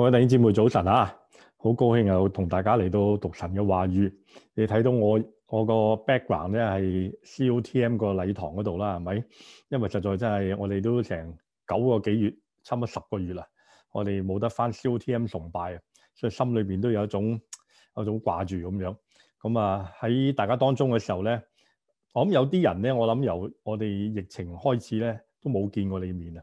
各位弟兄姊妹早晨啊，好高興又同大家嚟到讀神嘅話語。你睇到我我個 background 咧係 COTM 個禮堂嗰度啦，係咪？因為實在真係我哋都成九個幾月，差唔多十個月啦，我哋冇得返 COTM 崇拜啊，所以心裏邊都有一種有一種掛住咁樣。咁啊喺大家當中嘅時候咧，我諗有啲人咧，我諗由我哋疫情開始咧，都冇見過你面啊。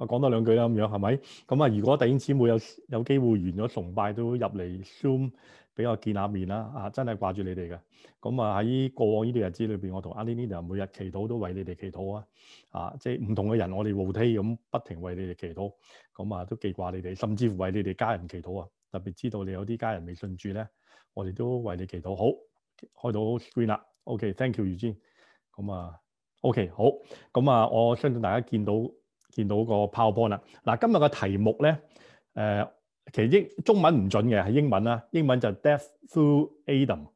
我講多兩句啦，咁樣係咪？咁啊，如果弟兄姊妹有有機會完咗崇拜都入嚟 Zoom 俾我見下面啦，啊，真係掛住你哋嘅。咁啊，喺過往呢啲日子裏邊，我同阿 Nina 每日祈禱都為你哋祈禱啊，啊，即係唔同嘅人，我哋無梯咁不停為你哋祈禱，咁啊都記掛你哋，甚至乎為你哋家人祈禱啊。特別知道你有啲家人未信主咧，我哋都為你祈禱。好，開到 screen 啦，OK，thank you，Yujin。咁啊，OK，好。咁啊，我相信大家見到。見到個 PowerPoint 啦，嗱，今日個題目咧，誒、呃，其實英中文唔準嘅，係英文啦，英文就 Death through Adam，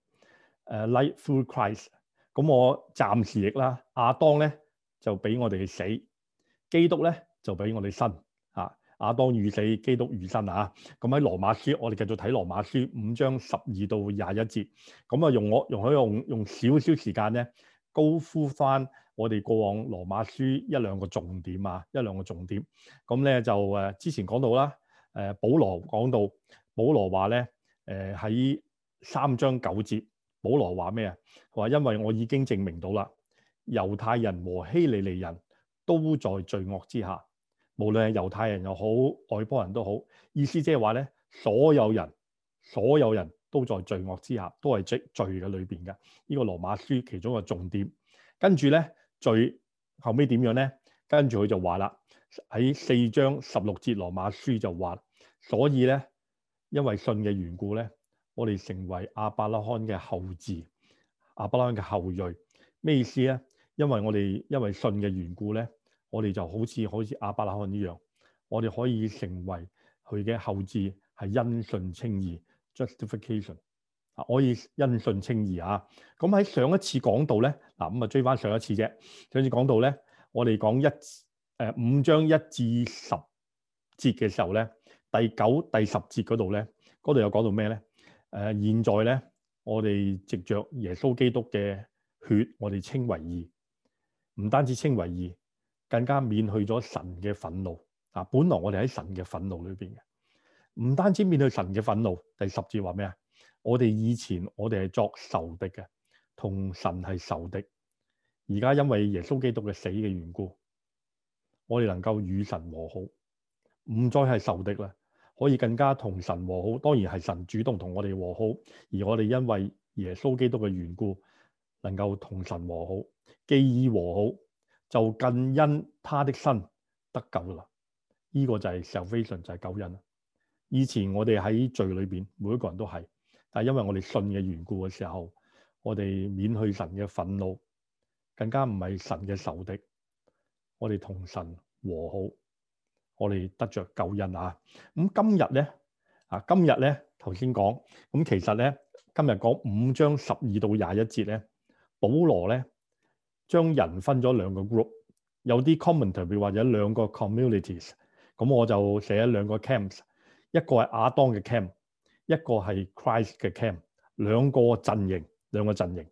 誒，Light through Christ。咁、嗯、我暫時譯啦，亞當咧就俾我哋死，基督咧就俾我哋生。嚇、啊，亞當遇死，基督遇生啊！咁、嗯、喺羅馬書，我哋繼續睇羅馬書五章十二到廿一節，咁、嗯、啊，用我用可用用少少時間咧，高呼返。我哋過往羅馬書一兩個重點啊，一兩個重點，咁咧就誒、呃、之前講到啦，誒、呃、保羅講到，保羅話咧誒喺三章九節，保羅話咩啊？話因為我已經證明到啦，猶太人和希利尼人都在罪惡之下，無論係猶太人又好，外邦人都好，意思即係話咧，所有人所有人都在罪惡之下，都係罪罪嘅裏邊嘅，呢、這個羅馬書其中一個重點，跟住咧。最後尾點樣咧？跟住佢就話啦，喺四章十六節羅馬書就話，所以咧，因為信嘅緣故咧，我哋成為亞伯拉罕嘅後嗣，亞伯拉罕嘅後裔。咩意思咧？因為我哋因為信嘅緣故咧，我哋就好似好似亞伯拉罕一樣，我哋可以成為佢嘅後嗣，係因信稱義，justification。可以因信稱義啊！咁喺上一次講到咧，嗱咁啊追翻上，上一次啫。上次講到咧，我哋講一誒、啊、五章一至十節嘅時候咧，第九、第十節嗰度咧，嗰度又講到咩咧？誒、啊，現在咧，我哋藉着耶穌基督嘅血，我哋稱為義，唔單止稱為義，更加免去咗神嘅憤怒啊！本來我哋喺神嘅憤怒裏邊嘅，唔單止免去神嘅憤怒。第十節話咩啊？我哋以前我哋係作仇敵嘅，同神係仇敵。而家因為耶穌基督嘅死嘅緣故，我哋能夠與神和好，唔再係仇敵啦。可以更加同神和好。當然係神主動同我哋和好，而我哋因為耶穌基督嘅緣故，能夠同神和好。既已和好，就更因他的生得救啦。呢個就係 salvation，就係救恩。以前我哋喺罪裏邊，每一個人都係。係因為我哋信嘅緣故嘅時候，我哋免去神嘅憤怒，更加唔係神嘅仇敵，我哋同神和好，我哋得着救恩啊！咁、嗯、今日咧啊，今日咧頭先講，咁、嗯、其實咧今日講五章十二到廿一節咧，保羅咧將人分咗兩個 group，有啲 commentary 或者兩個 communities，咁、嗯、我就寫兩個 camps 一個係亞當嘅 camp。一個係 Christ 嘅 camp，兩個陣營，兩個陣營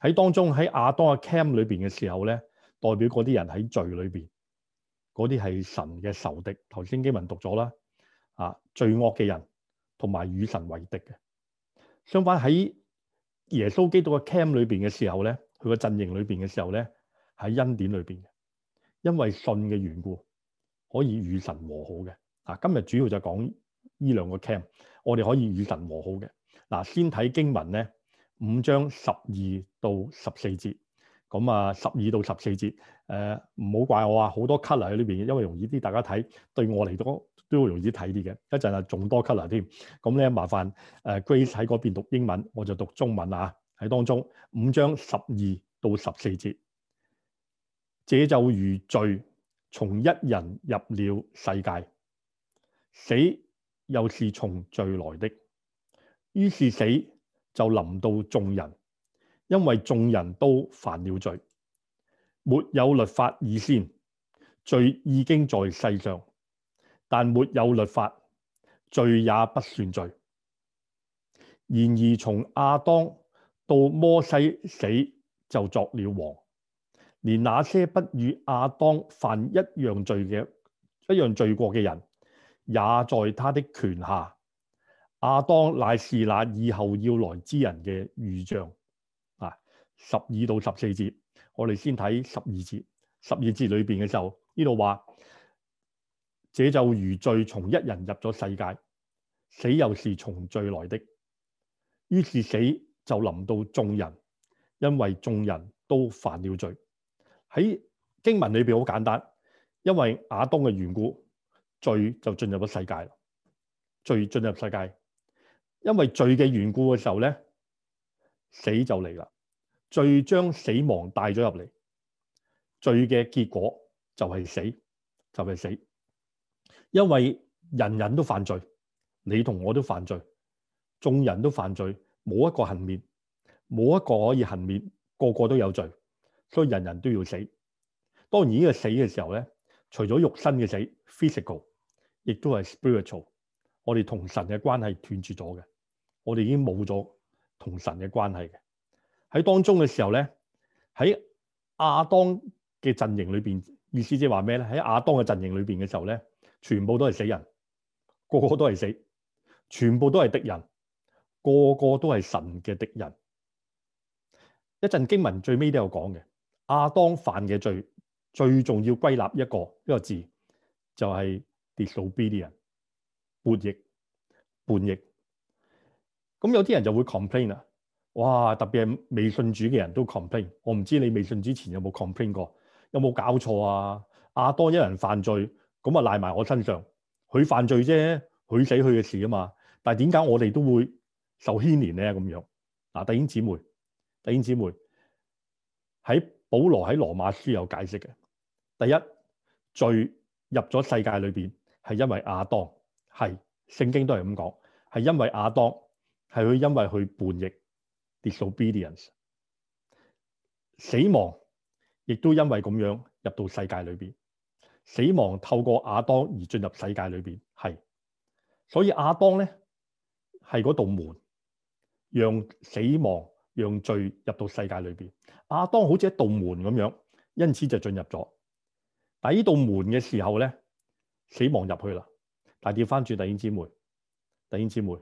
喺當中喺亞當嘅 camp 裏邊嘅時候咧，代表嗰啲人喺罪裏邊，嗰啲係神嘅仇敵。頭先基文讀咗啦，啊罪惡嘅人同埋與神為敵嘅。相反喺耶穌基督嘅 camp 裏邊嘅時候咧，佢個陣營裏邊嘅時候咧喺恩典裏邊嘅，因為信嘅緣故可以與神和好嘅。啊，今日主要就講呢兩個 camp。我哋可以與神和好嘅。嗱，先睇經文咧，五章十二到十四節，咁啊十二到十四節，誒唔好怪我啊，好多 color 喺呢邊嘅，因為容易啲，大家睇對我嚟講都，都容易睇啲嘅，一陣啊仲多 color 添，咁咧麻煩，誒、呃、Grace 喺嗰邊讀英文，我就讀中文啊，喺當中五章十二到十四節，這就如罪從一人入了世界，死，又是從罪來的，於是死就臨到眾人，因為眾人都犯了罪，沒有律法以先，罪已經在世上，但沒有律法，罪也不算罪。然而從亞當到摩西，死就作了王，連那些不與亞當犯一樣罪嘅，一樣罪過嘅人。也在他的權下，亞當乃是那以後要來之人嘅預像。啊，十二到十四節，我哋先睇十二節。十二節裏邊嘅時候，呢度話，這就如罪從一人入咗世界，死又是從罪來的。於是死就臨到眾人，因為眾人都犯了罪。喺經文裏邊好簡單，因為亞當嘅緣故。罪就進入咗世界啦，罪進入世界，因為罪嘅緣故嘅時候咧，死就嚟啦。罪將死亡帶咗入嚟，罪嘅結果就係死，就係死。因為人人都犯罪，你同我都犯罪，眾人都犯罪，冇一個幸免，冇一個可以幸免，個個都有罪，所以人人都要死。當然呢個死嘅時候咧，除咗肉身嘅死，physical。亦都係 spiritual，我哋同神嘅關係斷絕咗嘅，我哋已經冇咗同神嘅關係嘅。喺當中嘅時候咧，喺亞當嘅陣營裏邊，意思即係話咩咧？喺亞當嘅陣營裏邊嘅時候咧，全部都係死人，個個都係死，全部都係敵人，個個都係神嘅敵人。一陣經文最尾都有講嘅，亞當犯嘅罪最重要歸納一個一個字，就係、是。Disobedient，叛逆、叛逆，咁有啲人就會 complain 啦。哇，特別係未信主嘅人都 complain。我唔知你未信之前有冇 complain 過，有冇搞錯啊？亞當一人犯罪，咁啊賴埋我身上，佢犯罪啫，佢死佢嘅事啊嘛。但係點解我哋都會受牽連咧？咁樣嗱，弟兄姊妹，弟兄姊妹喺保羅喺羅馬書有解釋嘅。第一，罪入咗世界裏邊。係因為亞當，係聖經都係咁講，係因為亞當，係佢因為佢叛逆，disobedience，死亡亦都因為咁樣入到世界裏邊。死亡透過亞當而進入世界裏邊，係，所以亞當咧係嗰道門，讓死亡、讓罪入到世界裏邊。亞當好似一道門咁樣，因此就進入咗。但呢道門嘅時候咧。死亡入去啦，但係調翻轉，弟兄姊妹，弟兄姊妹，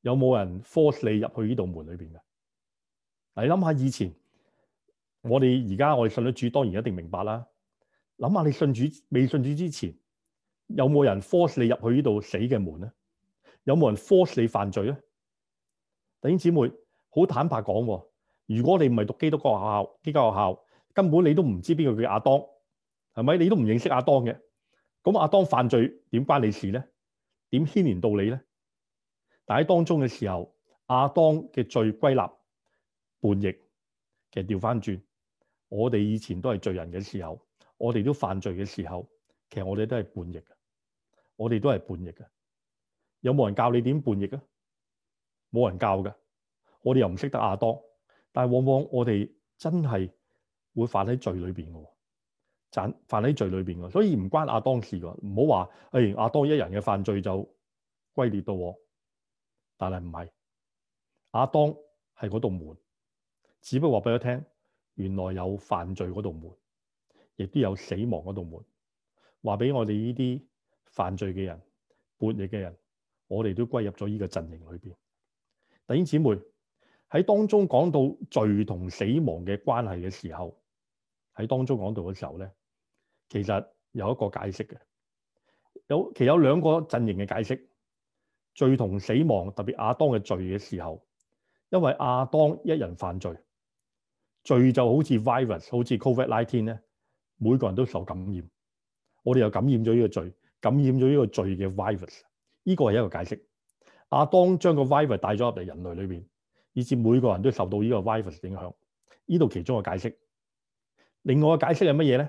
有冇人 force 你入去呢道門裏邊嘅？你諗下以前，我哋而家我哋信主主當然一定明白啦。諗下你信主未信主之前，有冇人 force 你入去呢度死嘅門咧？有冇人 force 你犯罪咧？弟兄姊妹，好坦白講，如果你唔係讀基督教學校，呢間學校根本你都唔知邊個叫阿當，係咪？你都唔認識阿當嘅。咁阿當犯罪點關你事咧？點牽連到你咧？但喺當中嘅時候，阿當嘅罪歸納叛逆，其實掉返轉，我哋以前都係罪人嘅時候，我哋都犯罪嘅時候，其實我哋都係叛逆嘅，我哋都係叛逆嘅。有冇人教你點叛逆啊？冇人教㗎，我哋又唔識得阿當，但係往往我哋真係會犯喺罪裏邊嘅。賺犯喺罪裏邊嘅，所以唔關阿當事嘅，唔好話誒阿當一人嘅犯罪就歸列到。但係唔係，阿當係嗰道門，只不過話俾佢聽，原來有犯罪嗰道門，亦都有死亡嗰道門。話俾我哋呢啲犯罪嘅人、叛逆嘅人，我哋都歸入咗呢個陣營裏邊。弟兄姊妹喺當中講到罪同死亡嘅關係嘅時候，喺當中講到嘅時候咧。其實有一個解釋嘅，有其實有兩個陣營嘅解釋，罪同死亡特別亞當嘅罪嘅時候，因為亞當一人犯罪，罪就好似 virus，好似 covid nineteen 咧，19，每個人都受感染，我哋又感染咗呢個罪，感染咗呢個罪嘅 virus，呢個係一個解釋。亞當將個 virus 帶咗入嚟人類裏邊，以至每個人都受到呢個 virus 影響，呢度其中嘅解釋。另外嘅解釋係乜嘢咧？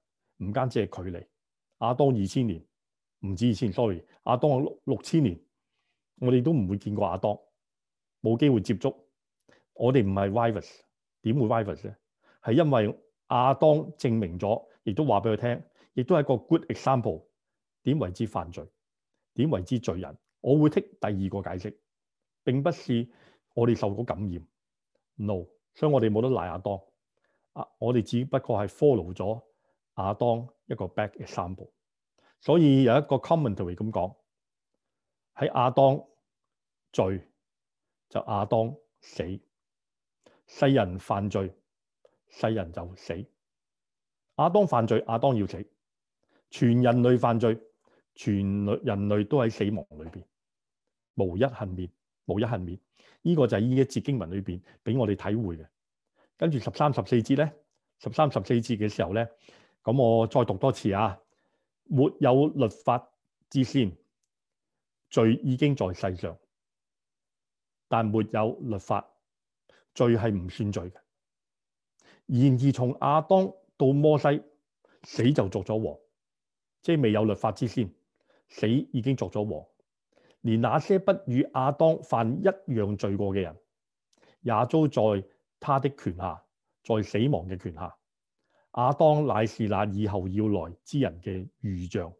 唔單止係距離，亞當二千年唔止二千年，sorry，亞當六千年，我哋都唔會見過亞當，冇機會接觸。我哋唔係 virus，點會 virus 咧？係因為亞當證明咗，亦都話俾佢聽，亦都係個 good example。點為之犯罪？點為之罪人？我會剔第二個解釋。並不是我哋受過感染，no，所以我哋冇得賴亞當啊。我哋只不過係 follow 咗。亞當一個 back 嘅三步，所以有一個 commentary 咁講喺亞當罪就亞當死，世人犯罪世人就死。亞當犯罪，亞當要死，全人類犯罪，全人類都喺死亡裏邊無一幸免，無一幸免。呢個就係呢一節經文裏邊俾我哋體會嘅。跟住十三十四節咧，十三十四節嘅時候咧。咁我再讀多次啊！沒有律法之先，罪已經在世上，但沒有律法，罪係唔算罪嘅。然而從亞當到摩西，死就作咗王，即係未有律法之先，死已經作咗王。連那些不與亞當犯一樣罪過嘅人，也都在他的權下，在死亡嘅權下。亞當乃是那以後要來之人嘅預像，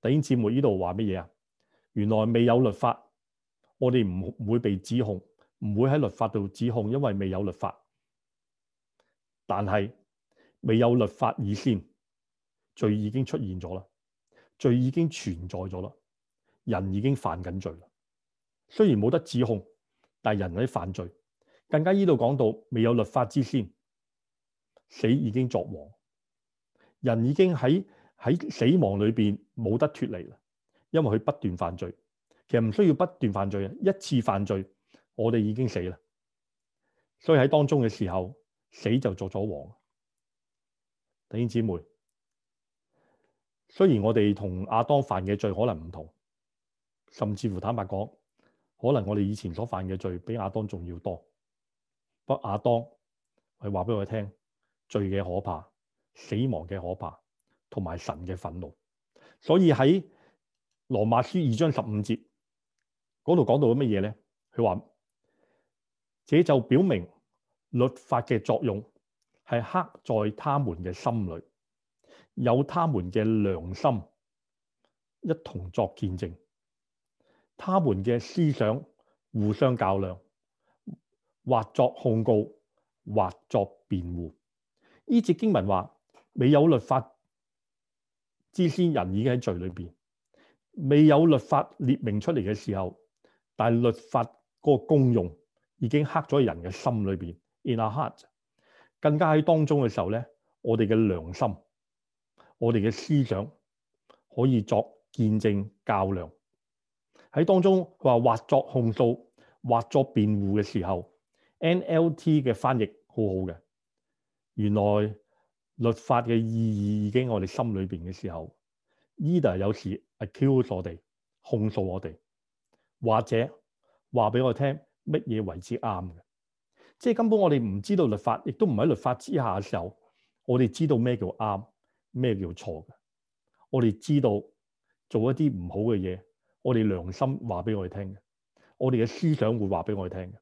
弟兄姐妹呢度話乜嘢啊？原來未有律法，我哋唔唔會被指控，唔會喺律法度指控，因為未有律法。但係未有律法以先，罪已經出現咗啦，罪已經存在咗啦，人已經犯緊罪啦。雖然冇得指控，但係人喺犯罪。更加呢度講到未有律法之先。死已經作王，人已經喺喺死亡裏邊冇得脫離啦，因為佢不斷犯罪。其實唔需要不斷犯罪啊，一次犯罪我哋已經死啦。所以喺當中嘅時候，死就作咗王。弟兄姊妹，雖然我哋同亞當犯嘅罪可能唔同，甚至乎坦白講，可能我哋以前所犯嘅罪比亞當仲要多。不，亞當，佢話俾我哋聽。罪嘅可怕、死亡嘅可怕，同埋神嘅憤怒。所以喺羅馬書二章十五節嗰度講到乜嘢咧？佢話，這就表明律法嘅作用係刻在他們嘅心裏，有他們嘅良心一同作見證，他們嘅思想互相較量，或作控告，或作辯護。呢節經文話：未有律法之先，人已經喺罪裏邊；未有律法列明出嚟嘅時候，但係律法嗰個功用已經刻咗喺人嘅心裏邊。In a heart，更加喺當中嘅時候咧，我哋嘅良心、我哋嘅思想可以作見證、較量。喺當中佢話：或作控訴、或作辯護嘅時候，NLT 嘅翻譯好好嘅。原來律法嘅意義已經喺我哋心裏邊嘅時候，依啲係有時係挑唆我哋控訴我哋，或者話俾我哋聽乜嘢為之啱嘅。即係根本我哋唔知道律法，亦都唔喺律法之下嘅時候，我哋知道咩叫啱，咩叫錯嘅。我哋知道做一啲唔好嘅嘢，我哋良心話俾我哋聽嘅，我哋嘅思想會話俾我哋聽嘅。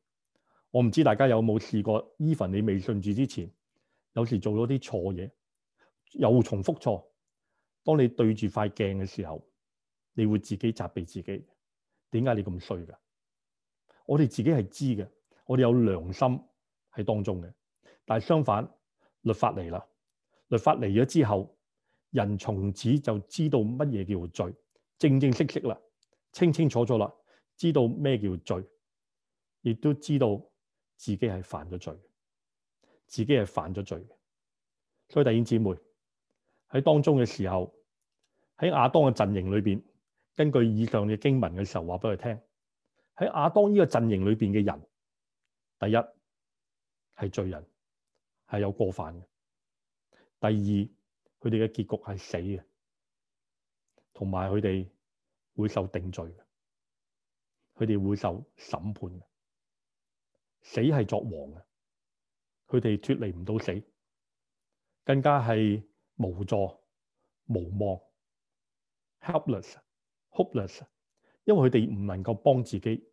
我唔知大家有冇試過，even 你未信主之前。有時做咗啲錯嘢，又重複錯。當你對住塊鏡嘅時候，你會自己責備自己。點解你咁衰噶？我哋自己係知嘅，我哋有良心喺當中嘅。但係相反，律法嚟啦，律法嚟咗之後，人從此就知道乜嘢叫罪，正正式式啦，清清楚楚啦，知道咩叫罪，亦都知道自己係犯咗罪。自己係犯咗罪嘅，所以弟兄姊妹喺當中嘅時候，喺亞當嘅陣營裏邊，根據以上嘅經文嘅時候話俾佢聽，喺亞當呢個陣營裏邊嘅人，第一係罪人，係有過犯嘅；第二佢哋嘅結局係死嘅，同埋佢哋會受定罪嘅，佢哋會受審判嘅，死係作王嘅。佢哋脫離唔到死，更加係無助、無望、helpless、hopeless，因為佢哋唔能夠幫自己，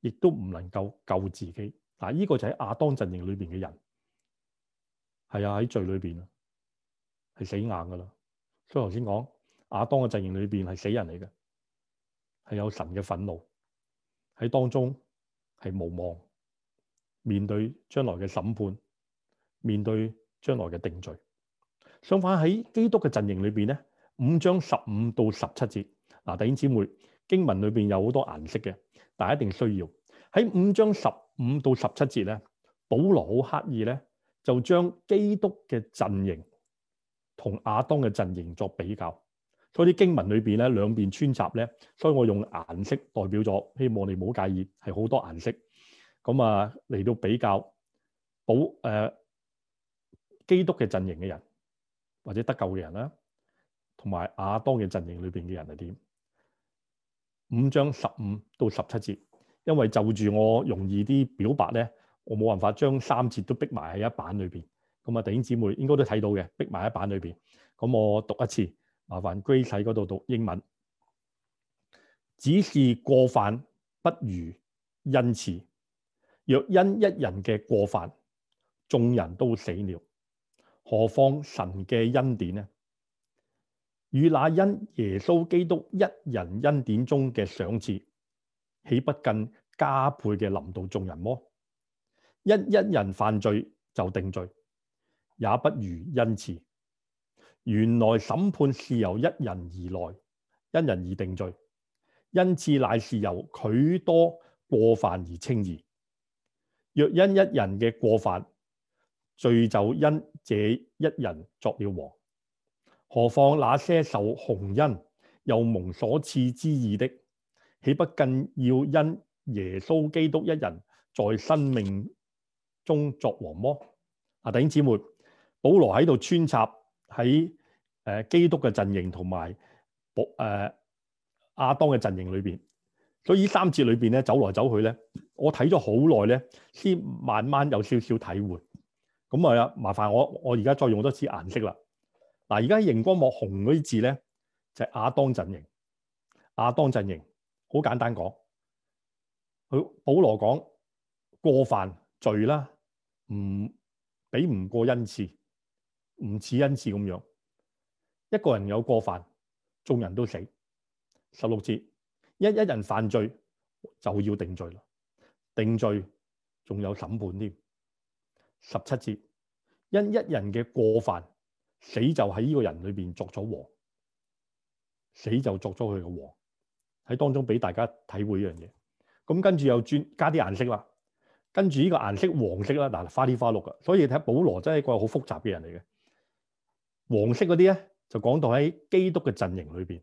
亦都唔能夠救自己。嗱，呢個就喺亞當陣營裏邊嘅人，係啊，喺罪裏邊啊，係死硬噶啦。所以頭先講亞當嘅陣營裏邊係死人嚟嘅，係有神嘅憤怒喺當中，係無望面對將來嘅審判。面對將來嘅定罪。相反喺基督嘅陣營裏邊咧，五章十五到十七節，嗱、啊、弟兄姊妹，經文裏邊有好多顏色嘅，但係一定需要喺五章十五到十七節咧，保羅好刻意咧，就將基督嘅陣營同亞當嘅陣營作比較。所以啲經文裏邊咧，兩邊穿插咧，所以我用顏色代表咗，希望你唔好介意，係好多顏色，咁啊嚟到比較保誒。呃基督嘅陣營嘅人或者得救嘅人啦，同埋亞當嘅陣營裏邊嘅人係點？五章十五到十七節，因為就住我容易啲表白咧，我冇辦法將三節都逼埋喺一版裏邊。咁、嗯、啊，弟兄姊妹應該都睇到嘅，逼埋喺版裏邊。咁、嗯、我讀一次，麻煩居 r 嗰度讀英文。只是過犯，不如因慈。若因一人嘅過犯，眾人都死了。何況神嘅恩典呢？與那因耶穌基督一人恩典中嘅賞賜，豈不更加倍嘅臨到眾人麼？因一人犯罪就定罪，也不如恩賜。原來審判是由一人而來，因人而定罪，恩賜乃是由許多過犯而稱義。若因一人嘅過犯，罪就因這一人作了王，何況那些受洪恩又蒙所賜之義的，豈不更要因耶穌基督一人在生命中作王麼？啊，弟兄姊妹，保羅喺度穿插喺誒基督嘅陣營同埋保誒亞當嘅陣營裏邊，所以三節裏邊咧走來走去咧，我睇咗好耐咧，先慢慢有少少體會。咁啊，麻煩我，我而家再用多次顏色啦。嗱，而家熒光幕紅嗰啲字咧，就係亞當陣營。亞當陣營好簡單講，佢保羅講過犯罪啦，唔比唔過恩賜，唔似恩賜咁樣。一個人有過犯，眾人都死。十六字：「一一人犯罪就要定罪啦，定罪仲有審判添。十七節，因一人嘅過犯，死就喺呢個人裏邊作咗王，死就作咗佢嘅王，喺當中俾大家體會一樣嘢。咁跟住又轉加啲顏色啦，跟住呢個顏色黃色啦，嗱，花裏花綠嘅。所以睇保羅真係一個好複雜嘅人嚟嘅。黃色嗰啲咧就講到喺基督嘅陣營裏邊，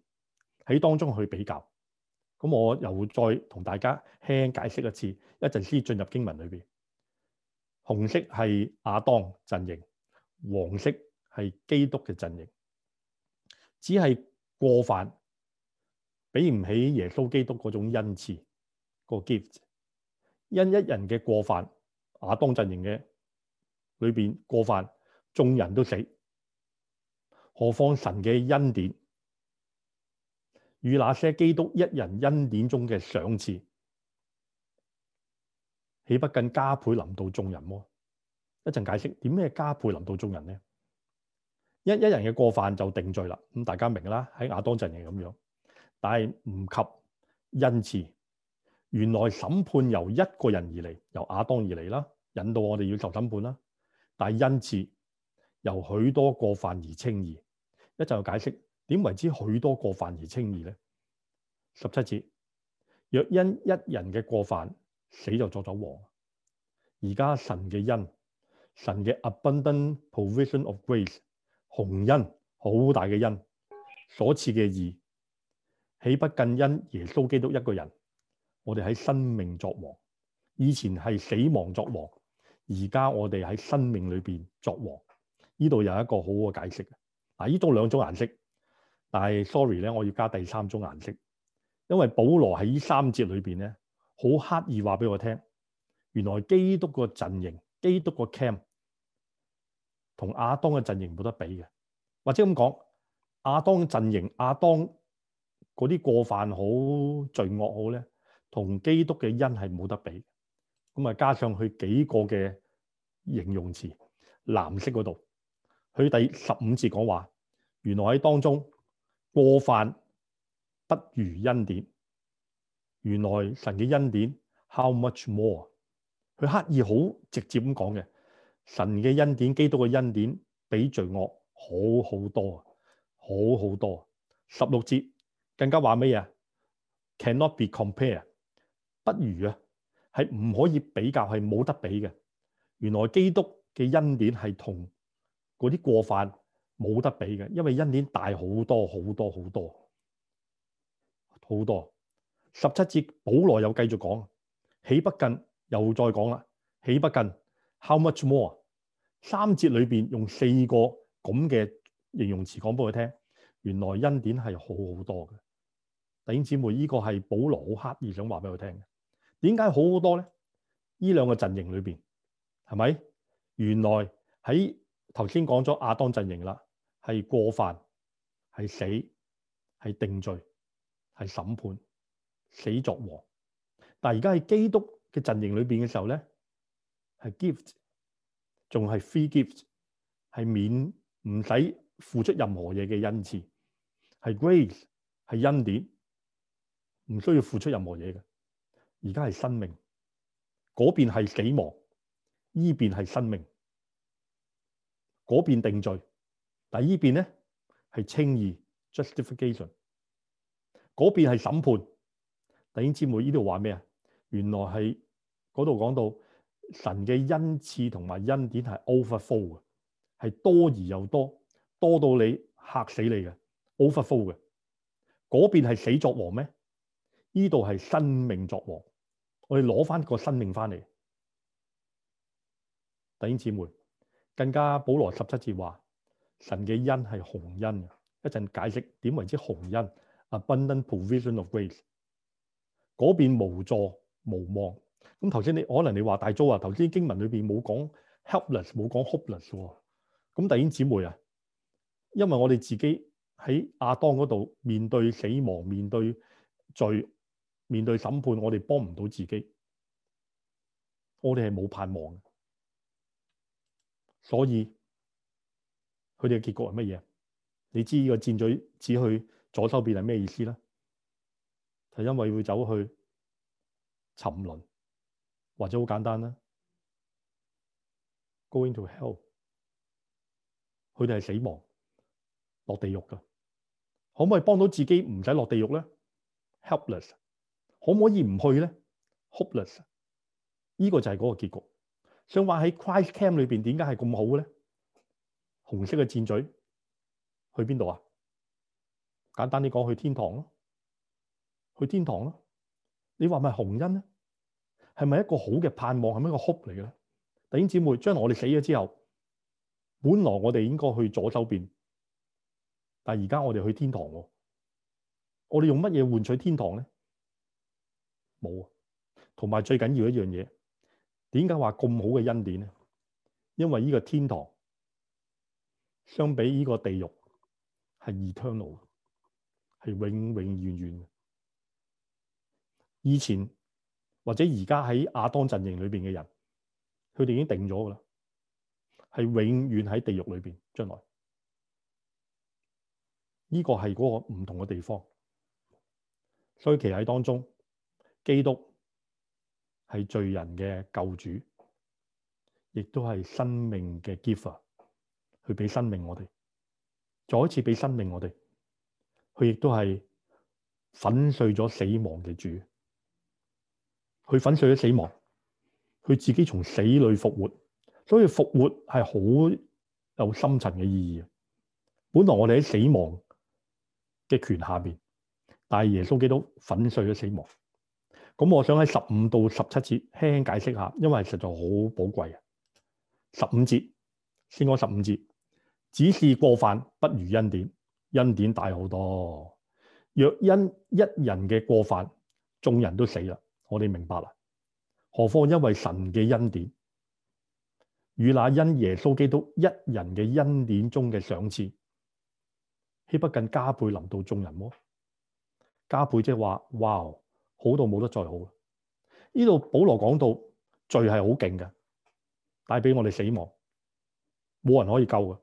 喺當中去比較。咁我又再同大家輕輕解釋一次，一陣先進入經文裏邊。紅色係亞當陣營，黃色係基督嘅陣營。只係過犯，比唔起耶穌基督嗰種恩賜、個 gift。因一人嘅過犯，亞當陣營嘅裏邊過犯，眾人都死。何況神嘅恩典，與那些基督一人恩典中嘅賞賜。豈不更加倍臨到眾人麼、哦？一陣解釋點咩加倍臨到眾人呢？因一人嘅過犯就定罪啦，咁大家明噶啦，喺亞當陣營咁樣，但係唔及恩賜。原來審判由一個人而嚟，由亞當而嚟啦，引到我哋要受審判啦。但係恩賜由許多過犯而稱義。一陣解釋點為之許多過犯而稱義咧？十七節，若因一人嘅過犯，死就作咗王，而家神嘅恩，神嘅 abundant provision of grace，洪恩，好大嘅恩，所賜嘅義，豈不更因耶穌基督一個人？我哋喺生命作王，以前係死亡作王，而家我哋喺生命裏邊作王。呢度有一個好嘅解釋嘅，嗱，呢度兩種顏色，但係 sorry 咧，我要加第三種顏色，因為保羅喺呢三節裏邊咧。好刻意話俾我聽，原來基督個陣營、基督個 camp 同亞當嘅陣營冇得比嘅，或者咁講，亞當陣營、亞當嗰啲過犯好罪惡好咧，同基督嘅恩係冇得比嘅。咁啊加上佢幾個嘅形容詞，藍色嗰度，佢第十五節講話，原來喺當中過犯不如恩典。原來神嘅恩典，How much more？佢刻意好直接咁講嘅，神嘅恩典，基督嘅恩典，比罪惡好好多，好好多。十六節更加話咩嘢？Cannot be compared，不如啊，係唔可以比較，係冇得比嘅。原來基督嘅恩典係同嗰啲過犯冇得比嘅，因為恩典大好多好多好多好多。十七節保羅又繼續講，起不近又再講啦，起不近。How much more？三節裏邊用四個咁嘅形容詞講俾佢聽，原來恩典係好好多嘅。弟兄姊妹，呢個係保羅好刻意想話俾佢聽嘅。點解好好多咧？呢兩個陣營裏邊係咪？原來喺頭先講咗亞當陣營啦，係過犯，係死，係定罪，係審判。死作王，但係而家喺基督嘅陣營裏邊嘅時候咧，係 gift，仲係 free gift，係免唔使付出任何嘢嘅恩賜，係 grace，係恩典，唔需要付出任何嘢嘅。而家係生命，嗰邊係死亡，呢邊係生命，嗰邊定罪，但係呢邊咧係稱義 justification，嗰邊係審判。弟兄姊妹，呢度話咩啊？原來係嗰度講到神嘅恩賜同埋恩典係 overflow 嘅，係多而又多，多到你嚇死你嘅 overflow 嘅。嗰邊係死作王咩？呢度係生命作王。我哋攞翻個生命翻嚟，弟兄姊妹更加。保羅十七節話：神嘅恩係洪恩。一陣解釋點為之洪恩啊 abundant provision of grace。嗰邊無助無望，咁頭先你可能你話大租啊，頭先經文裏邊冇講 helpless，冇講 hopeless 嘅、啊，咁弟兄姊妹啊，因為我哋自己喺亞當嗰度面對死亡、面對罪、面對審判，我哋幫唔到自己，我哋係冇盼望嘅，所以佢哋嘅結局係乜嘢？你知呢個箭嘴指去左手邊係咩意思啦？就因為會走去沉淪，或者好簡單啦，going to hell，佢哋係死亡，落地獄噶。可唔可以幫到自己唔使落地獄咧？helpless，可唔可以唔去咧？hopeless，呢個就係嗰個結局。想話喺 Christ Camp 裏邊點解係咁好咧？紅色嘅箭嘴去邊度啊？簡單啲講，去天堂咯。去天堂咯？你話咪洪恩咧？係咪一個好嘅盼望？係咪一個 hope 嚟嘅咧？弟兄姊妹，將來我哋死咗之後，本來我哋應該去左手邊，但係而家我哋去天堂。我哋用乜嘢換取天堂咧？冇啊，同埋最緊要一樣嘢，點解話咁好嘅恩典咧？因為呢個天堂相比呢個地獄係 eternal，係、e、永，永永遠遠。以前或者而家喺亞當陣營裏邊嘅人，佢哋已經定咗噶啦，係永遠喺地獄裏邊。將來呢、這個係嗰個唔同嘅地方，所以其實喺當中，基督係罪人嘅救主，亦都係生命嘅 giver，佢俾生命我哋，再一次俾生命我哋。佢亦都係粉碎咗死亡嘅主。佢粉碎咗死亡，佢自己從死裏復活，所以復活係好有深層嘅意義。本來我哋喺死亡嘅權下邊，但係耶穌基督粉碎咗死亡。咁我想喺十五到十七節輕輕解釋下，因為實在好寶貴啊。十五節，先講十五節，只是過犯不如恩典，恩典大好多。若因一人嘅過犯，眾人都死啦。我哋明白啦，何況因為神嘅恩典與那因耶穌基督一人嘅恩典中嘅賞賜，豈不更加倍臨到眾人麼？加倍即係話，哇，好到冇得再好。呢度保羅講到罪係好勁嘅，帶俾我哋死亡，冇人可以救嘅。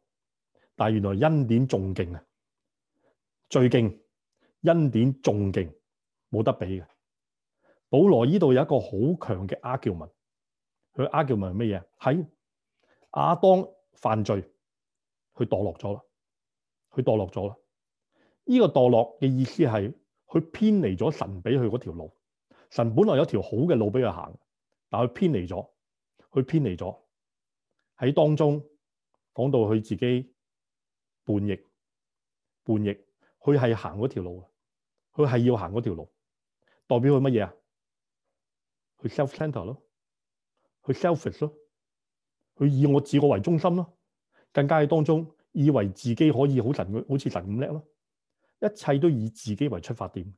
但原來恩典仲勁啊，最勁，恩典仲勁，冇得比嘅。保羅呢度有一個好強嘅 argument，佢 argument 係乜嘢？喺亞當犯罪，佢墮落咗啦，佢墮落咗啦。呢個墮落嘅意思係佢偏離咗神俾佢嗰條路。神本來有條好嘅路俾佢行，但係佢偏離咗，佢偏離咗。喺當中講到佢自己叛逆，叛逆，佢係行嗰條路，佢係要行嗰條路，代表佢乜嘢啊？去 self-centre 咯，去 selfish 咯，佢以我自我為中心咯，更加喺當中以為自己可以好神，好似神咁叻咯，一切都以自己為出發點，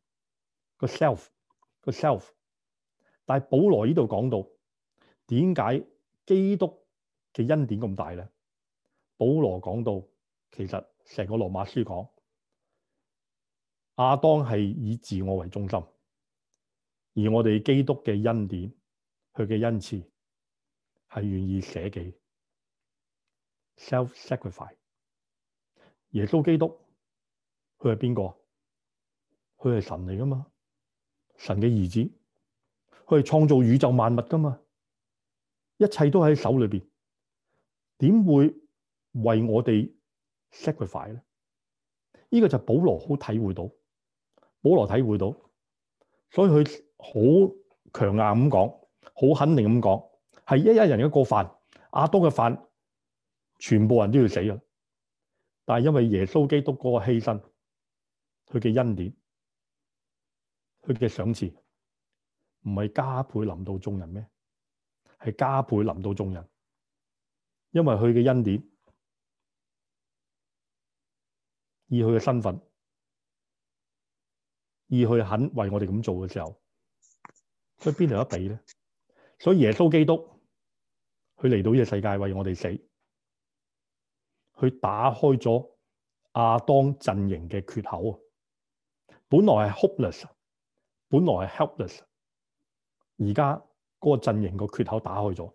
個 self 個 self。但係保羅呢度講到，點解基督嘅恩典咁大咧？保羅講到，其實成個羅馬書講，亞當係以自我為中心。而我哋基督嘅恩典，佢嘅恩賜係願意捨己，self-sacrifice。耶穌基督，佢係邊個？佢係神嚟噶嘛？神嘅兒子，佢係創造宇宙萬物噶嘛？一切都喺手裏邊，點會為我哋 sacrifice 咧？呢個就保羅好體會到，保羅體會到，所以佢。好強硬咁講，好肯定咁講，係一一人一個犯，亞當嘅犯，全部人都要死啊！但係因為耶穌基督嗰個犧牲，佢嘅恩典，佢嘅賞賜，唔係加倍臨到眾人咩？係加倍臨到眾人，因為佢嘅恩典，以佢嘅身份，以佢肯為我哋咁做嘅時候。所以邊度有得比咧？所以耶穌基督佢嚟到呢個世界為我哋死，佢打開咗亞當陣營嘅缺口。本來係 hopeless，本來係 helpless，而家嗰個陣營個缺口打開咗。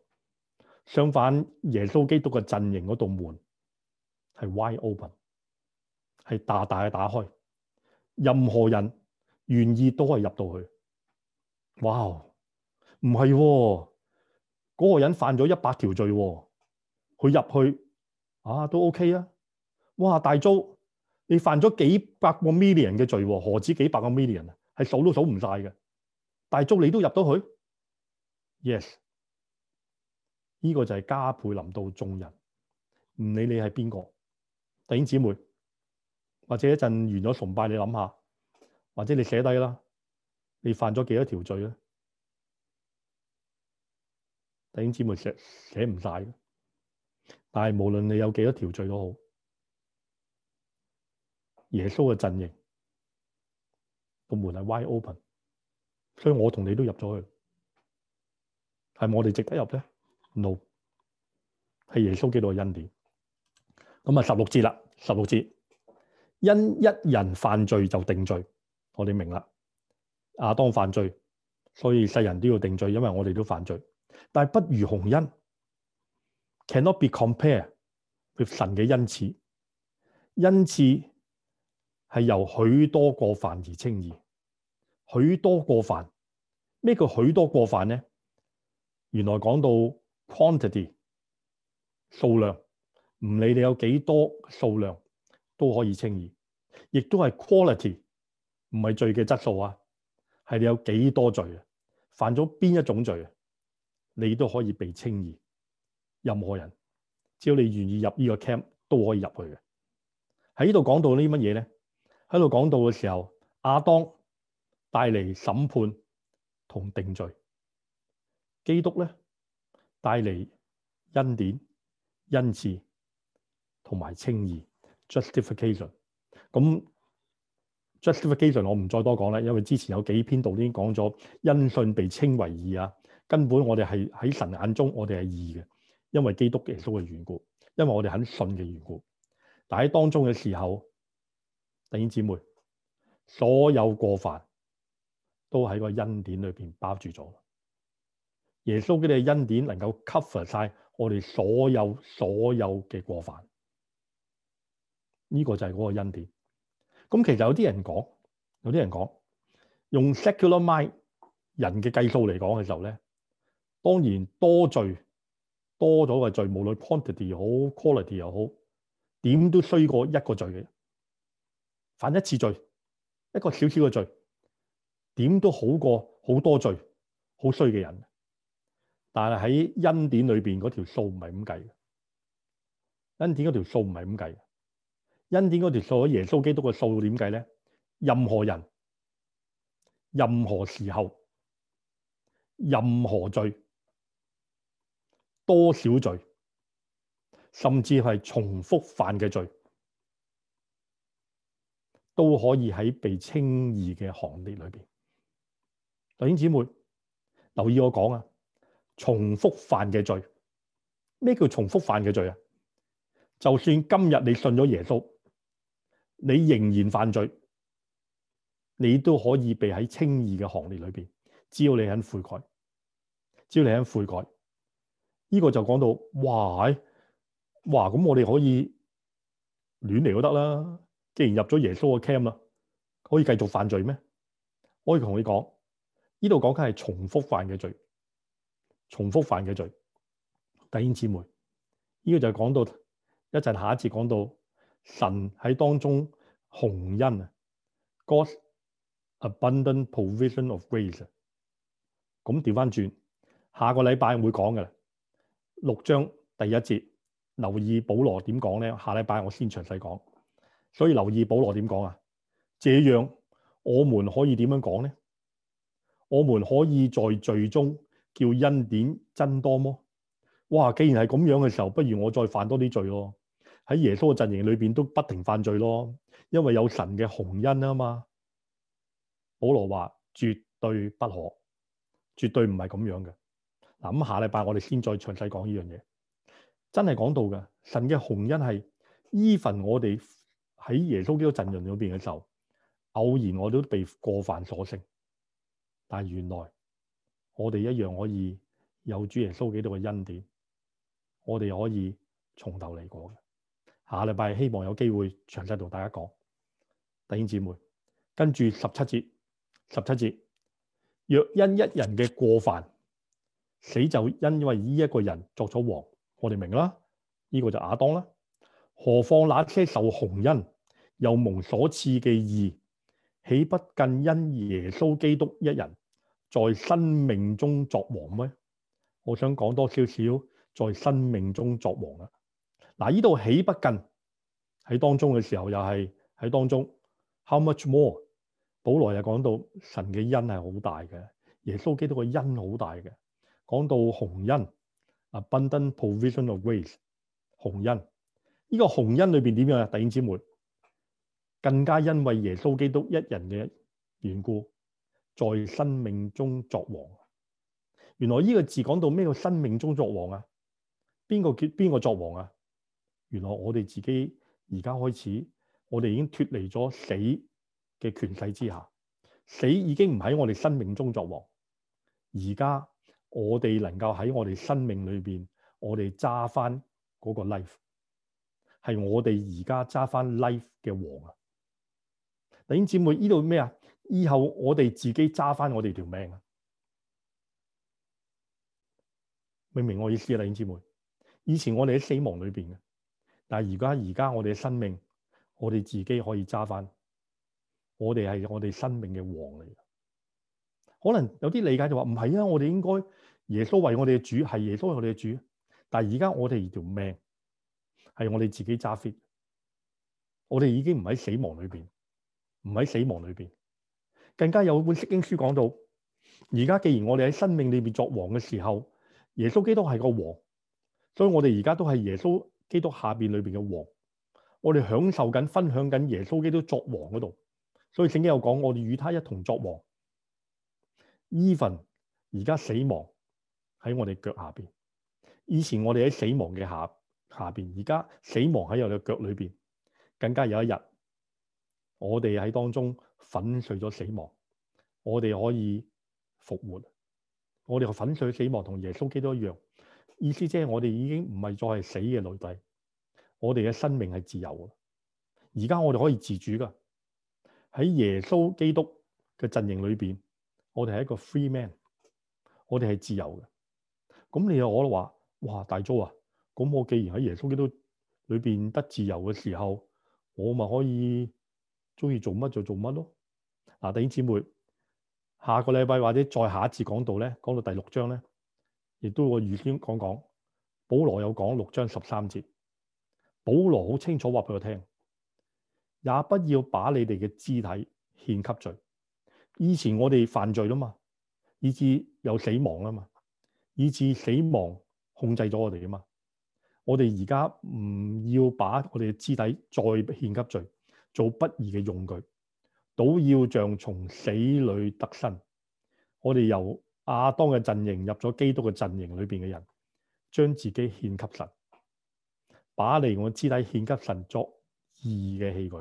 相反，耶穌基督嘅陣營嗰道門係 wide open，係大大嘅打開，任何人願意都可以入到去。哇！唔係喎，嗰個人犯咗一百條罪喎，佢入去啊都 OK 啊！哇，大租你犯咗幾百個 million 嘅罪喎，何止幾百個 million 啊？係數都數唔晒嘅。大租你都入到去？Yes，呢個就係加倍臨到眾人，唔理你係邊個弟兄姊妹，或者一陣完咗崇拜，你諗下，或者你寫低啦。你犯咗幾多條罪咧？弟兄姊妹寫寫唔晒，但係無論你有幾多條罪都好，耶穌嘅陣營個門係 wide open，所以我同你都入咗去，係咪我哋值得入咧？No，係耶穌基督嘅恩典。咁啊，十六節啦，十六節。因一人犯罪就定罪，我哋明啦。亞當犯罪，所以世人都要定罪，因為我哋都犯罪。但係不如洪恩，cannot be compared with 神嘅恩賜。恩賜係由許多過犯而稱義，許多過犯。咩叫許多過犯咧？原來講到 quantity 數量，唔理你有幾多數量都可以稱義，亦都係 quality，唔係罪嘅質素啊！係你有幾多罪啊？犯咗邊一種罪啊？你都可以被稱義。任何人，只要你願意入呢個 camp，都可以入去嘅。喺呢度講到呢啲乜嘢咧？喺度講到嘅時候，亞當帶嚟審判同定罪，基督咧帶嚟恩典、恩賜同埋稱義 （justification）。咁 Just Justification 我唔再多講喇，因為之前有幾篇道已經講咗，因信被稱為義啊，根本我哋係喺神眼中我哋係義嘅，因為基督耶穌嘅緣故，因為我哋肯信嘅緣故。但喺當中嘅時候，弟兄姊妹，所有過犯都喺個恩典裏邊包住咗，耶穌嘅嘅恩典能夠 cover 晒我哋所有所有嘅過犯，呢個就係嗰個恩典。咁其實有啲人講，有啲人講，用 secular mind 人嘅計數嚟講嘅時候咧，當然多罪多咗嘅罪，無論 quantity 又好，quality 又好，點都衰過一個罪嘅。犯一次罪，一個少少嘅罪，點都好過好多罪，好衰嘅人。但係喺恩典裏邊嗰條數唔係咁計嘅，恩典嗰條數唔係咁計嘅。因恩典嗰條數，耶穌基督嘅數點計咧？任何人、任何時候、任何罪，多少罪，甚至係重複犯嘅罪，都可以喺被稱義嘅行列裏邊。弟兄姊妹留意我講啊，重複犯嘅罪，咩叫重複犯嘅罪啊？就算今日你信咗耶穌。你仍然犯罪，你都可以被喺輕易嘅行列裏面。只要你肯悔改，只要你肯悔改，呢個就講到哇哇咁我哋可以亂嚟都得啦。既然入咗耶穌嘅 camp 啦，可以繼續犯罪咩？我可以同你講，呢度講緊係重複犯嘅罪，重複犯嘅罪。弟兄姊妹，呢個就講到一陣，會下一次講到。神喺當中，洪恩啊，God's abundant provision of grace。咁調翻轉，下個禮拜會講嘅啦。六章第一節，留意保羅點講咧？下禮拜我先詳細講。所以留意保羅點講啊？這樣我們可以點樣講咧？我們可以在罪中叫恩典增多麼？哇！既然係咁樣嘅時候，不如我再犯多啲罪咯。喺耶穌嘅陣營裏邊都不停犯罪咯，因為有神嘅洪恩啊嘛。保羅話絕對不可，絕對唔係咁樣嘅。嗱，咁下禮拜我哋先再詳細講呢樣嘢，真係講到嘅神嘅洪恩係，依份我哋喺耶穌基督陣營裏邊嘅時候，偶然我都被過犯所勝，但係原來我哋一樣可以有主耶穌基督嘅恩典，我哋可以從頭嚟過嘅。下禮拜希望有機會詳細同大家講，弟兄姊妹，跟住十七節，十七節，若因一人嘅過犯，死就因為呢一個人作咗王，我哋明啦，呢個就亞當啦。何況那些受洪恩、又蒙所賜嘅義，豈不更因耶穌基督一人在生命中作王咩？我想講多少少，在生命中作王啊！嗱，呢度起不近喺當中嘅時候，又係喺當中。How much more？保羅又講到神嘅恩係好大嘅，耶穌基督嘅恩好大嘅。講到宏恩啊，abundant provision of grace，宏恩。呢、這個宏恩裏邊點樣啊？弟兄姊妹，更加因為耶穌基督一人嘅緣故，在生命中作王。原來呢個字講到咩叫生命中作王啊？邊個叫邊個作王啊？原來我哋自己而家開始，我哋已經脫離咗死嘅權勢之下，死已經唔喺我哋生命中作王。而家我哋能夠喺我哋生命裏邊，我哋揸翻嗰個 life，係我哋而家揸翻 life 嘅王啊！弟兄姊妹，呢度咩啊？以後我哋自己揸翻我哋條命啊！明唔明我意思啊，弟兄姊妹？以前我哋喺死亡裏邊嘅。但係而家，而家我哋嘅生命，我哋自己可以揸翻。我哋係我哋生命嘅王嚟。可能有啲理解就話唔係啊，我哋應該耶穌為我哋嘅主，係耶穌為我哋嘅主。但係而家我哋條命係我哋自己揸 fit。我哋已經唔喺死亡裏邊，唔喺死亡裏邊。更加有本聖經書講到，而家既然我哋喺生命裏邊作王嘅時候，耶穌基督係個王，所以我哋而家都係耶穌基督下邊裏邊嘅王，我哋享受緊、分享緊耶穌基督作王嗰度，所以聖經有講，我哋與他一同作王。即使而家死亡喺我哋腳下邊，以前我哋喺死亡嘅下下邊，而家死亡喺我哋腳裏邊，更加有一日我哋喺當中粉碎咗死亡，我哋可以復活，我哋粉碎死亡，同耶穌基督一樣。意思即係我哋已經唔係再係死嘅奴隸，我哋嘅生命係自由噶。而家我哋可以自主噶。喺耶穌基督嘅陣營裏邊，我哋係一個 free man，我哋係自由嘅。咁你又我話，哇，大租啊，咁我既然喺耶穌基督裏邊得自由嘅時候，我咪可以中意做乜就做乜咯。嗱、啊，弟兄姊妹，下個禮拜或者再下一次講道咧，講到第六章咧。亦都我預先講講，保羅有講六章十三節，保羅好清楚話俾我聽，也不要把你哋嘅肢體獻給罪。以前我哋犯罪啦嘛，以致有死亡啦嘛，以致死亡控制咗我哋啊嘛。我哋而家唔要把我哋嘅肢體再獻給罪，做不義嘅用具，倒要像從死裏得生。我哋由亞當嘅陣營入咗基督嘅陣營裏邊嘅人，將自己獻給神，把嚟我肢體獻給神作義嘅器具。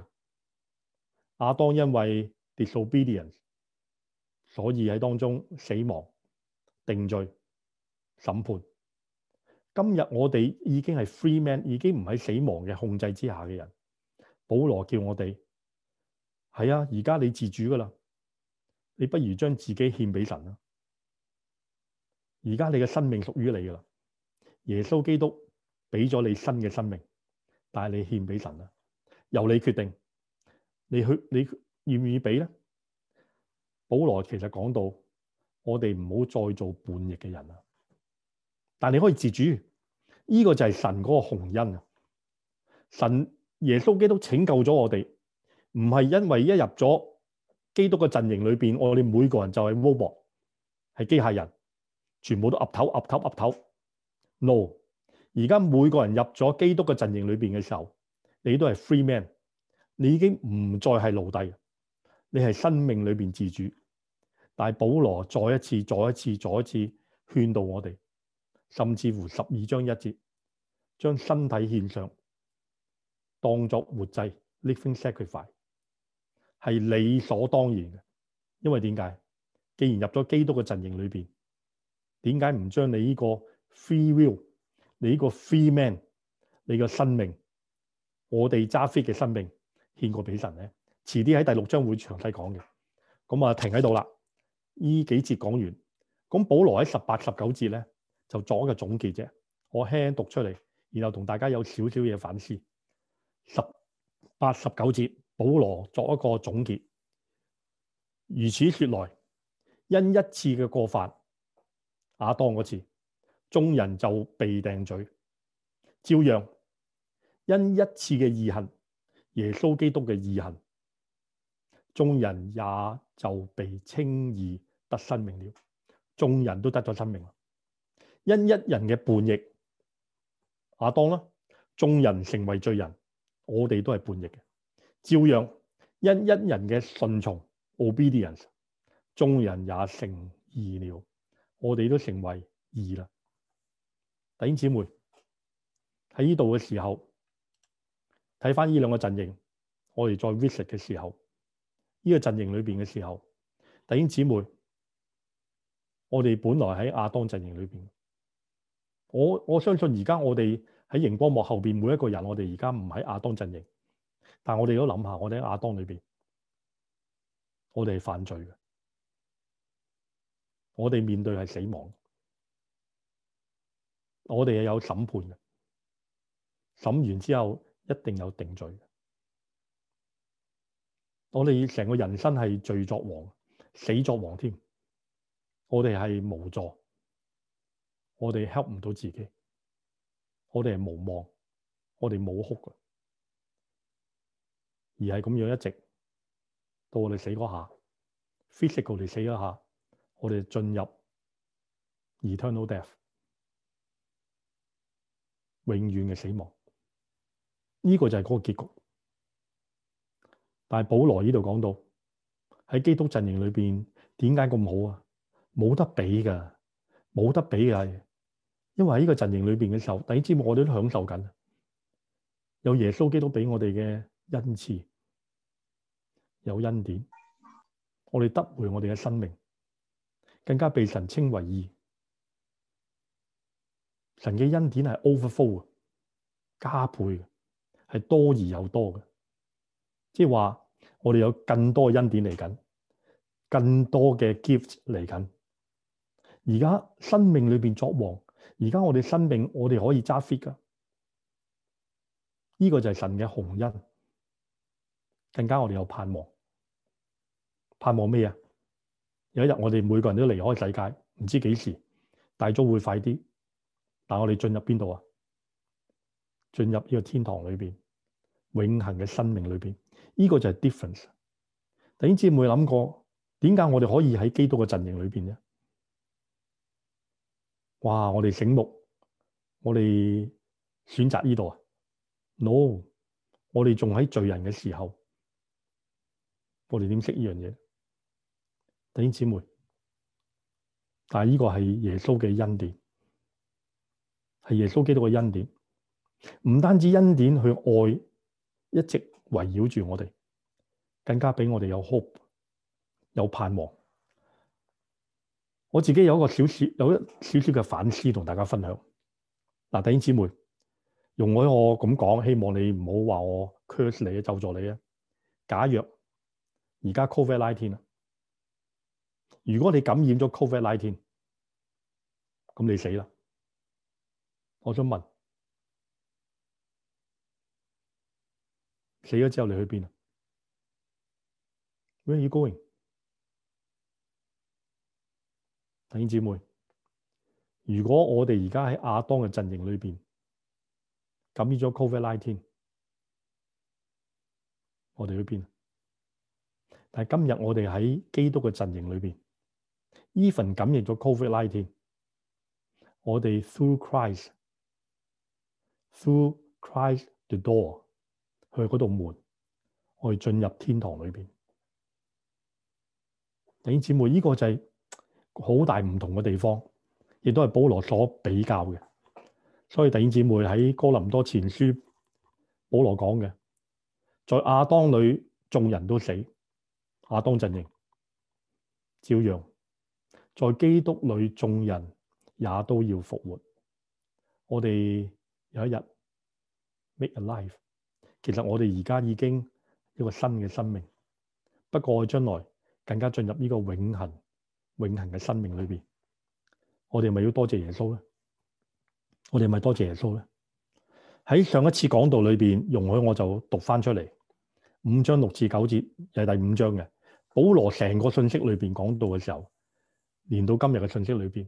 亞當因為 disobedience，所以喺當中死亡、定罪、審判。今日我哋已經係 free man，已經唔喺死亡嘅控制之下嘅人。保羅叫我哋係啊，而家你自主噶啦，你不如將自己獻俾神啦。而家你嘅生命屬於你噶啦，耶穌基督俾咗你新嘅生命，但係你獻俾神啊，由你決定，你去你願唔願意俾咧？保羅其實講到，我哋唔好再做叛逆嘅人啊，但你可以自主，呢、這個就係神嗰個洪恩啊！神耶穌基督拯救咗我哋，唔係因為一入咗基督嘅陣營裏邊，我哋每個人就係 robot，係機械人。全部都岌頭岌頭岌頭，頭，no！而家每個人入咗基督嘅陣營裏邊嘅時候，你都係 free man，你已經唔再係奴隸，你係生命裏邊自主。但係保羅再一次、再一次、再一次勸導我哋，甚至乎十二章一節，將身體獻上當作活祭，living sacrifice，係理所當然嘅。因為點解？既然入咗基督嘅陣營裏邊。點解唔將你呢個 free will，你呢個 free man，你個生命，我哋揸 fit 嘅生命獻過俾神咧？遲啲喺第六章會詳細講嘅。咁啊，停喺度啦。呢幾節講完，咁保羅喺十八十九節咧就作一個總結啫。我輕輕讀出嚟，然後同大家有少少嘢反思。十八十九節，保羅作一個總結。如此說來，因一次嘅過犯。亞當嗰次，眾人就被定罪，照樣因一次嘅義行，耶穌基督嘅義行，眾人也就被稱義得生命了。眾人都得咗生命，因一人嘅叛逆，亞當啦，眾人成為罪人，我哋都係叛逆嘅，照樣因一人嘅順從，obedience，眾人也成義了。我哋都成為二啦，弟兄姊妹，喺呢度嘅時候睇翻呢兩個陣營，我哋再 visit 嘅時候，呢個陣營裏邊嘅時候，弟兄姊妹，我哋本來喺亞當陣營裏邊，我我相信而家我哋喺熒光幕後邊每一個人，我哋而家唔喺亞當陣營，但係我哋都諗下，我哋喺亞當裏邊，我哋係犯罪嘅。我哋面對係死亡，我哋係有審判嘅。審完之後一定有定罪。我哋成個人生係罪作王，死作王添。我哋係無助，我哋 help 唔到自己，我哋係無望，我哋冇 hope 嘅，而係咁樣一直到我哋死嗰下，physically 死嗰下。我哋進入 eternal death，永遠嘅死亡。呢、這個就係嗰個結局。但係保羅呢度講到喺基督陣營裏邊，點解咁好啊？冇得比噶，冇得比嘅係，因為喺呢個陣營裏面嘅時候，你知我哋都享受緊有耶穌基督俾我哋嘅恩賜，有恩典，我哋得回我哋嘅生命。更加被神稱為義，神嘅恩典係 overflow 嘅，加倍嘅，係多而又多嘅，即係話我哋有更多嘅恩典嚟緊，更多嘅 gift 嚟緊。而家生命裏邊作王，而家我哋生命我哋可以揸 fit 噶。呢、這個就係神嘅雄恩。更加我哋有盼望，盼望咩啊？有一日我哋每個人都離開世界，唔知幾時，大咗會快啲。但我哋進入邊度啊？進入呢個天堂裏邊，永恆嘅生命裏邊，呢個就係 difference。突然之間冇諗過點解我哋可以喺基督嘅陣營裏邊啫？哇！我哋醒目，我哋選擇呢度啊？No，我哋仲喺罪人嘅時候，我哋點識呢樣嘢？弟兄姊妹，但係呢個係耶穌嘅恩典，係耶穌基督嘅恩典，唔單止恩典去愛，一直圍繞住我哋，更加俾我哋有 hope，有盼望。我自己有一個少少，有一少少嘅反思同大家分享。嗱，弟兄姊妹，容許我咁講，希望你唔好話我 curse 你，咒助你啊！假若而家 COVID-19 啦。19, 如果你感染咗 Covid nineteen，咁你死啦！我想問，死咗之後你去邊啊？Where are you going？弟兄姊妹，如果我哋而家喺亞當嘅陣營裏面感染咗 Covid nineteen，我哋去邊？但係今日我哋喺基督嘅陣營裏面。Even 感染咗 COVID-19，我哋 through Christ，through Christ the door 去嗰道門，我哋進入天堂裏邊。弟兄姊妹，呢、這個就係好大唔同嘅地方，亦都係保羅所比較嘅。所以弟兄姊妹喺哥林多前書，保羅講嘅，在亞當裏眾人都死，亞當陣營，照樣。在基督裡，眾人也都要復活。我哋有一日 make a life，其實我哋而家已經一個新嘅生命，不過將來更加進入呢個永恒永恒嘅生命裡邊。我哋咪要多謝耶穌咧？我哋咪多謝耶穌咧？喺上一次講道裡邊，容許我就讀翻出嚟五章六至九節，就係第五章嘅保羅成個信息裡邊講到嘅時候。連到今日嘅信息裏邊，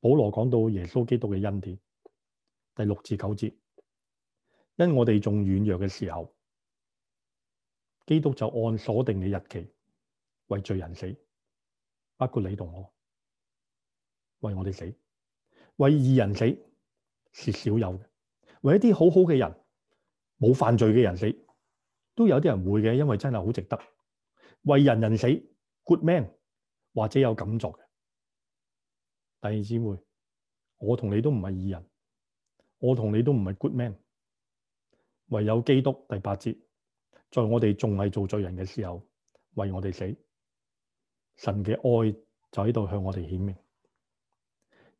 保羅講到耶穌基督嘅恩典，第六至九節，因我哋仲軟弱嘅時候，基督就按所定嘅日期為罪人死，包括你同我，為我哋死，為義人死是少有嘅，為一啲好好嘅人，冇犯罪嘅人死，都有啲人會嘅，因為真係好值得，為仁人死 good man 或者有敢做。弟兄姊妹，我同你都唔係義人，我同你都唔係 good man，唯有基督第八節，在我哋仲係做罪人嘅時候為我哋死，神嘅愛就喺度向我哋顯明。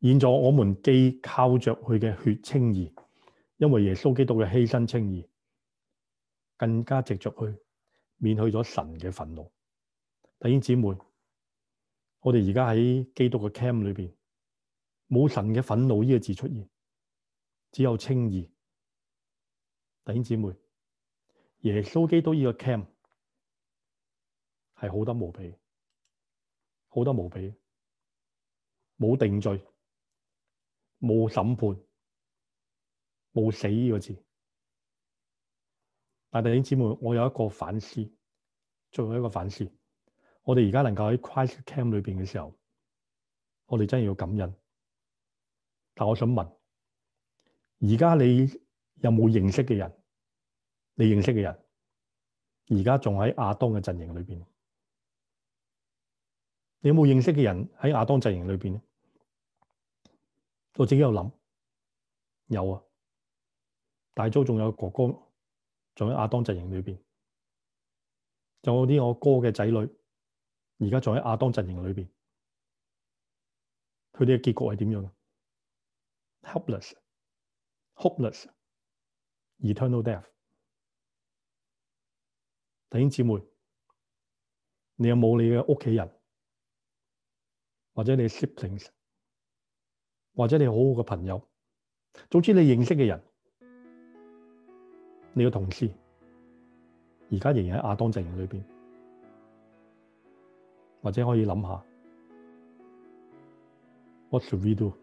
現在我們既靠着佢嘅血稱義，因為耶穌基督嘅犧牲稱義，更加藉着去免去咗神嘅憤怒。弟兄姊妹，我哋而家喺基督嘅 camp 裏邊。冇神嘅憤怒呢個字出現，只有稱義。弟兄姐妹，耶穌基督呢個 camp 係好得無比，好得無比，冇定罪，冇審判，冇死呢個字。但弟兄姐妹，我有一個反思，最後一個反思，我哋而家能夠喺 Christ Camp 裏邊嘅時候，我哋真係要感恩。但我想問，而家你有冇認識嘅人？你認識嘅人，而家仲喺亞當嘅陣營裏邊？你有冇認識嘅人喺亞當陣營裏邊咧？我自己有諗，有啊。大洲仲有哥哥，仲喺亞當陣營裏邊。仲有啲我哥嘅仔女，而家仲喺亞當陣營裏邊。佢哋嘅結局係點樣？Helpless，Hopeless，Eternal Death。弟兄姊妹，你有冇你嘅屋企人，或者你 siblings，或者你好好嘅朋友，總之你認識嘅人，你嘅同事，而家仍然喺亞當陣營裏面。或者可以諗下，What should we do？